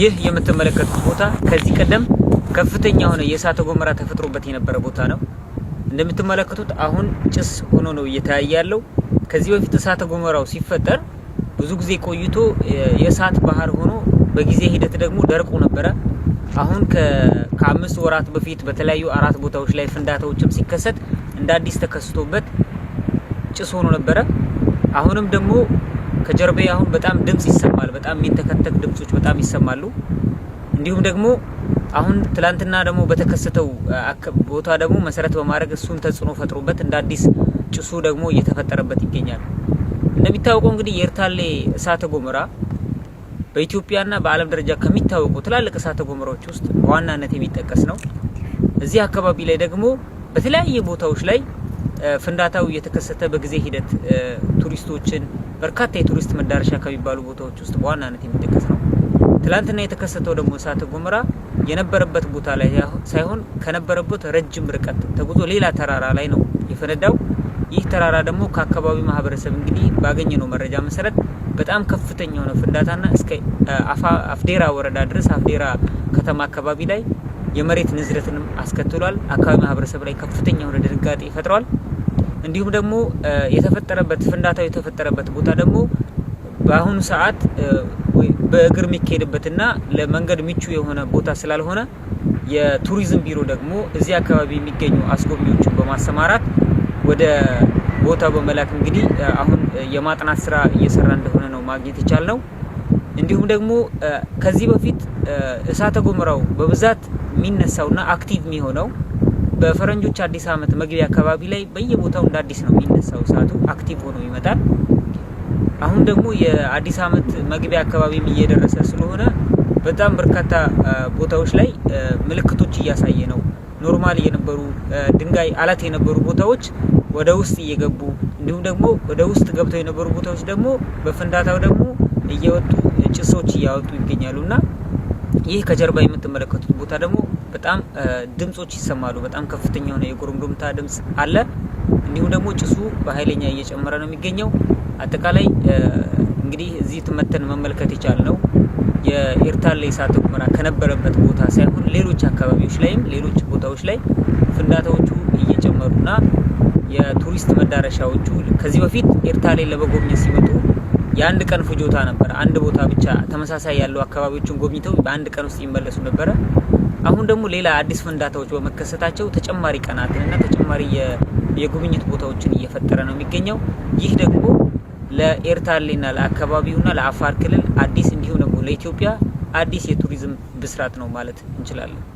ይህ የምትመለከቱት ቦታ ከዚህ ቀደም ከፍተኛ የሆነ የእሳተ ገሞራ ተፈጥሮበት የነበረ ቦታ ነው። እንደምትመለከቱት አሁን ጭስ ሆኖ ነው እየተያየ ያለው። ከዚህ በፊት እሳተ ገሞራው ሲፈጠር ብዙ ጊዜ ቆይቶ የእሳት ባህር ሆኖ በጊዜ ሂደት ደግሞ ደርቆ ነበረ። አሁን ከአምስት ወራት በፊት በተለያዩ አራት ቦታዎች ላይ ፍንዳታዎችም ሲከሰት እንደ አዲስ ተከስቶበት ጭስ ሆኖ ነበረ። አሁንም ደግሞ ከጀርባ አሁን በጣም ድምጽ ይሰማል። በጣም የሚንተከተክ ድምጾች በጣም ይሰማሉ። እንዲሁም ደግሞ አሁን ትላንትና ደግሞ በተከሰተው ቦታ ደግሞ መሰረት በማድረግ እሱን ተጽዕኖ ፈጥሮበት እንደ አዲስ ጭሱ ደግሞ እየተፈጠረበት ይገኛል። እንደሚታወቀው እንግዲህ የኤርታሌ እሳተ ጎመራ በኢትዮጵያና በዓለም ደረጃ ከሚታወቁ ትላልቅ እሳተ ጎመራዎች ውስጥ በዋናነት የሚጠቀስ ነው። እዚህ አካባቢ ላይ ደግሞ በተለያየ ቦታዎች ላይ ፍንዳታው እየተከሰተ በጊዜ ሂደት ቱሪስቶችን በርካታ የቱሪስት መዳረሻ ከሚባሉ ቦታዎች ውስጥ በዋናነት የሚጠቀስ ነው። ትላንትና የተከሰተው ደግሞ እሳተ ገሞራ የነበረበት ቦታ ላይ ሳይሆን ከነበረበት ረጅም ርቀት ተጉዞ ሌላ ተራራ ላይ ነው የፈነዳው። ይህ ተራራ ደግሞ ከአካባቢው ማህበረሰብ እንግዲህ ባገኘነው መረጃ መሰረት በጣም ከፍተኛ የሆነ ፍንዳታና እስከ አፍዴራ ወረዳ ድረስ አፍዴራ ከተማ አካባቢ ላይ የመሬት ንዝረትንም አስከትሏል። አካባቢ ማህበረሰብ ላይ ከፍተኛ የሆነ ድንጋጤ ፈጥሯል። እንዲሁም ደግሞ የተፈጠረበት ፍንዳታው የተፈጠረበት ቦታ ደግሞ በአሁኑ ሰዓት በእግር የሚካሄድበትና ለመንገድ ምቹ የሆነ ቦታ ስላልሆነ የቱሪዝም ቢሮ ደግሞ እዚህ አካባቢ የሚገኙ አስጎብኚዎችን በማሰማራት ወደ ቦታ በመላክ እንግዲህ አሁን የማጥናት ስራ እየሰራ እንደሆነ ነው ማግኘት ነው። እንዲሁም ደግሞ ከዚህ በፊት እሳተ ጎመራው በብዛት የሚነሳውና አክቲቭ የሚሆነው በፈረንጆች አዲስ አመት መግቢያ አካባቢ ላይ በየቦታው እንደ አዲስ ነው የሚነሳው። እሳቱ አክቲቭ ሆኖ ይመጣል። አሁን ደግሞ የአዲስ አመት መግቢያ አካባቢም እየደረሰ ስለሆነ በጣም በርካታ ቦታዎች ላይ ምልክቶች እያሳየ ነው። ኖርማል የነበሩ ድንጋይ አላት የነበሩ ቦታዎች ወደ ውስጥ እየገቡ እንዲሁም ደግሞ ወደ ውስጥ ገብተው የነበሩ ቦታዎች ደግሞ በፍንዳታው ደግሞ እየወጡ ጭሶች እያወጡ ይገኛሉና ይህ ከጀርባ የምትመለከቱት ቦታ ደግሞ በጣም ድምጾች ይሰማሉ። በጣም ከፍተኛ የሆነ የጉርምሩምታ ድምጽ አለ። እንዲሁም ደግሞ ጭሱ በኃይለኛ እየጨመረ ነው የሚገኘው። አጠቃላይ እንግዲህ እዚህ ትመተን መመልከት የቻልነው የኤርታሌ እሳተ ገሞራ ከነበረበት ቦታ ሳይሆን ሌሎች አካባቢዎች ላይም ሌሎች ቦታዎች ላይ ፍንዳታዎቹ እየጨመሩና የቱሪስት መዳረሻዎቹ ከዚህ በፊት ኤርታሌ ለመጎብኘት ሲመጡ የአንድ ቀን ፍጆታ ነበር። አንድ ቦታ ብቻ ተመሳሳይ ያሉ አካባቢዎችን ጎብኝተው በአንድ ቀን ውስጥ ይመለሱ ነበረ። አሁን ደግሞ ሌላ አዲስ ፍንዳታዎች በመከሰታቸው ተጨማሪ ቀናትንና ተጨማሪ የጉብኝት ቦታዎችን እየፈጠረ ነው የሚገኘው። ይህ ደግሞ ለኤርታሌና ለአካባቢውና ለአፋር ክልል አዲስ እንዲሁም ደግሞ ለኢትዮጵያ አዲስ የቱሪዝም ብስራት ነው ማለት እንችላለን።